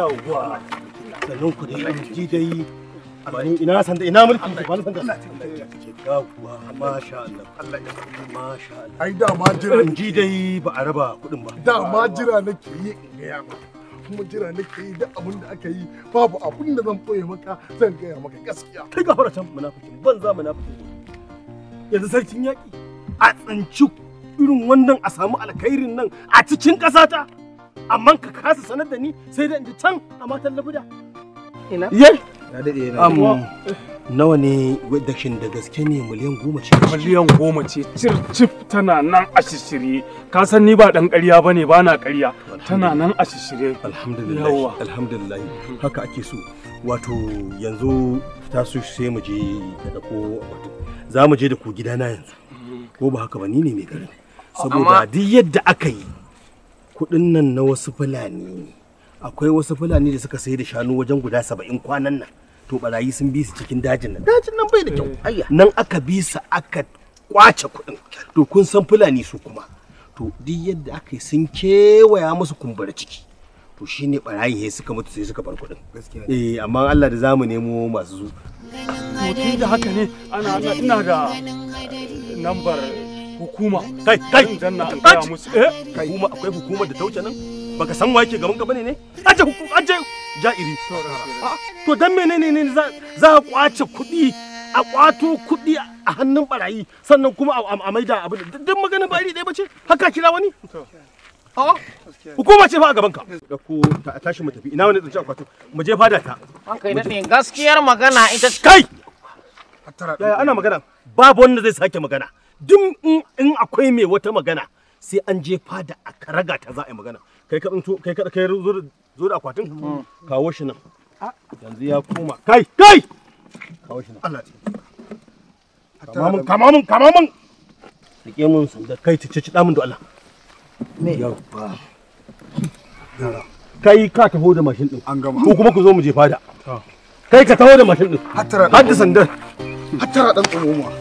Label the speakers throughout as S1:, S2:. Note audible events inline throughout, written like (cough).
S1: yawwa sannan ku dai dai ina san da ina san da yawwa masha Allah Allah ya masha Allah ai da ma jira ji dai ba a raba ba da ma jira nake yi in ga ma kuma jira nake yi duk abin da aka yi babu abin da zan boye maka zan gaya maka gaskiya kai can munafiki ban za munafiki yanzu sarkin yaƙi a tsanci irin wannan a samu alkhairin nan a cikin ƙasata amma ka kasa sanar da ni sai da inda can a matan labuda ina ye na dade yana nawa ne wadakin da gaske ne miliyan goma ce miliyan goma ce circif tana nan a shishirye ka san ni ba dan ƙarya bane ba na ƙarya tana nan a shishirye alhamdulillah alhamdulillah haka ake so wato yanzu ta su sai mu je da dako za mu je da ku gidana yanzu ko ba haka ba ni ne mai garin saboda duk yadda aka yi kuɗin nan na wasu fulani akwai wasu fulani da suka sayi da shanu wajen guda saba'in kwanan nan to barayi sun bi su cikin dajin nan dajin nan bai da kyau nan aka bi su aka kwace kuɗin to kun san fulani su kuma to duk yadda aka yi sun kewaya musu kumbura ciki to shine barayi he suka mutu sai suka bar kuɗin eh amma Allah da zamu nemo masu zu to da haka ne ana ina da nambar hukuma kai kai an kai musu eh hukuma akwai hukumar da ta wuce nan baka san wa yake gaban ka bane ne aje aje ja'iri ah, to dan menene ne za za a kwace kudi a kwato kudi a hannun barayi sannan kuma a maida abin duk maganin ba iri ɗaya bace haka kira wani ah, hukuma ce fa a gaban ka da ku ta tashi mu tafi ina wani tsinci akwatin mu je fada ta an kai daɗe gaskiyar magana ita kai ana magana babu wanda zai sake magana duk in akwai mai wata magana sai an je fada a karaga ta za a yi magana kai ka to kai ka kai zo da akwatin hmm. kawo shi nan yanzu ya koma kai kai kawo shi nan Allah kama mun kama mun kama mun rike mun su da kai cici ci damun da Allah me yawa kai ka taho da mashin din an gama ko kuma ku zo mu je fada ah. kai ka taho da mashin din hattara hattara dan tsumoma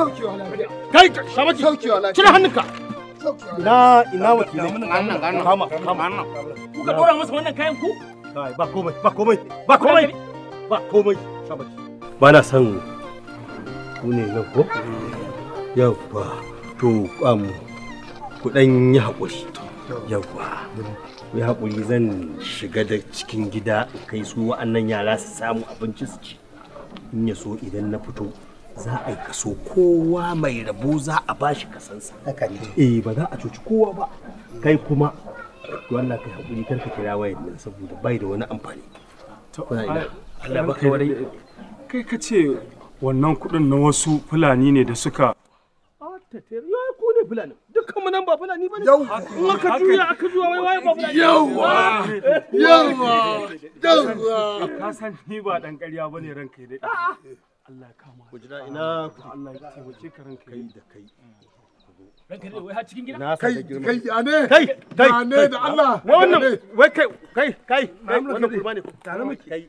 S1: Saukewa lafiya. Kai shamaki. Saukewa lafiya. Cire hannunka. Ina ina wakilai. Annan annan. Kama kama annan. Kuka dora masa wannan kayan ku? Kai ba komai ba komai ba komai. Ba komai shamaki. Ba na san ku ne nan ko? Yawwa. To um ku dan yi hakuri. Yawwa. Ku hakuri zan shiga da cikin gida kai su wa'annan yara su samu abinci su ci. In ya so idan na fito za a yi kaso kowa mai rabo za a bashi kasansa Haka ne. eh ba za a cuci kowa ba kai kuma wannan kai hakuri kar ka kira wayan nan saboda bai da wani amfani to Allah ba kai warai kai ka ce wannan kuɗin na wasu fulani ne da suka ku ne fulani dukkan mu nan ba fulani bane yau in aka juya aka juya wai wai ba fulani Yawwa. Yawwa. Yawwa. ka san ni ba dan ƙarya bane ranka dai Allah ya kama kujira ina ah, ku Allah ya taimake ka ranka kai da kai ranka ne wai har cikin gida kai kai ane kai kai ane da Allah wannan wai kai kai kai wannan kurma ne tare muke kai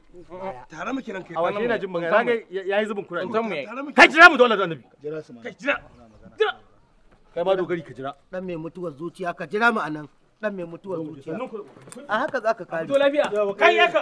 S1: tare muke ranka a wani yana jin magana zaga yayi zubin kurani mutan mu kai jira mu dole da annabi jira su kai jira jira kai ma dogari ka jira dan mai mutuwar zuciya ka jira mu anan dan mai mutuwar zuciya a haka zaka kare to lafiya kai yaka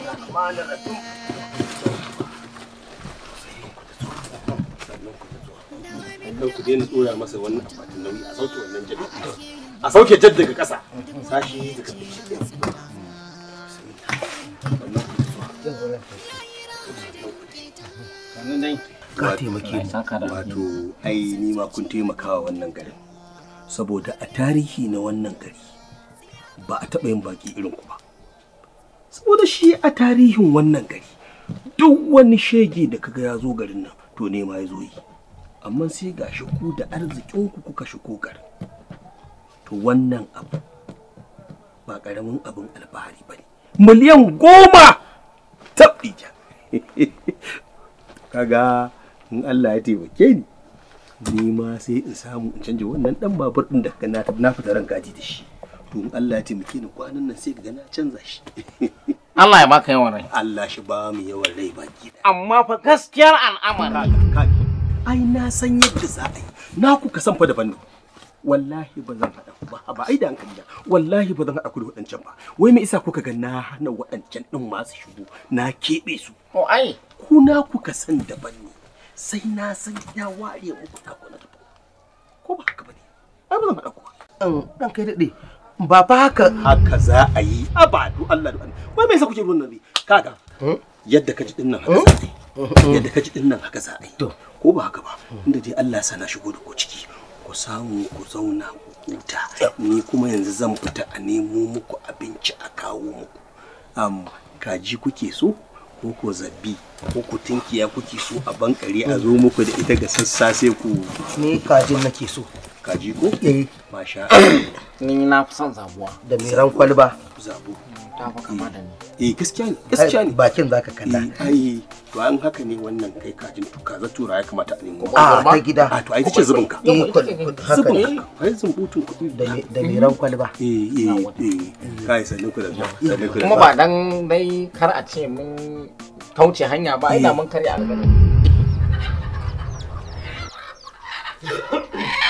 S1: rahmanir ku daina tsora masa wannan akwatin nauyi a sauke wannan jabi a sauke jad daga ƙasa sashi daga wato ai ni ma kun taimakawa wannan garin saboda a tarihi na wannan gari ba a taɓa yin baki irin ku ba saboda shi a tarihin wannan gari duk wani shege da kaga ya zo garin nan to ne ma ya zo yi amma sai ga ku da arzikinku kuka shigo garin to wannan abu ba karamin abin alfahari ba ne miliyan goma taɓija (laughs) kaga in Allah ya taimake ni ni ma sai in samu in canja wannan dan babur din da na fita ran gaji da shi to Allah ya taimake ni kwanan nan sai ga na canza shi Allah ya baka yawan rai Allah shi ba mu yawan rai gida amma fa gaskiyar al'amari ai na san yadda za a yi na ku ka san fa daban ne wallahi ba zan haɗa ba ba ai da hankali da wallahi ba zan haɗa ku da waɗancan ba wai me isa kuka ga na hana waɗancan ɗin masu shigo na keɓe su to ai ku na kuka san daban ne sai na san ya ware muku na ko ba haka ba ne ai ba zan haɗa ku ba dan kai daɗe ba fa haka haka za a yi abadu Allah da wai me yasa kuke nabi kaga hmm? yadda ka ji din nan hmm? hmm? haka za a yi yadda ka ji din nan haka za a yi ko ba haka ba inda dai Allah sana shigo da ku ciki ku samu ku zauna ku huta ni kuma yanzu zan fita a nemo muku abinci a kawo muku um, kaji kuke so ko ko zabi ko ku tinkiya kuke so a bankare a zo muku da ita ga sassa sai ku ni kajin nake so kaji ko? eh masha ni na fi zabuwa da mai ran kwalba zabo ta fa kama da ni eh, eh gaskiya ne gaskiya ne bakin zaka kalla eh, ai to an haka ne wannan kai kajin tuka kaza tura ya kamata a nemo ah, a ta gida a ah, to ai tace zubin ka eh, zubin ka ai da da mai ran kwalba eh eh kai da sanne ku kuma ba dan dai kar a ce mun kauce hanya ba ai da mun karya alƙalami (laughs)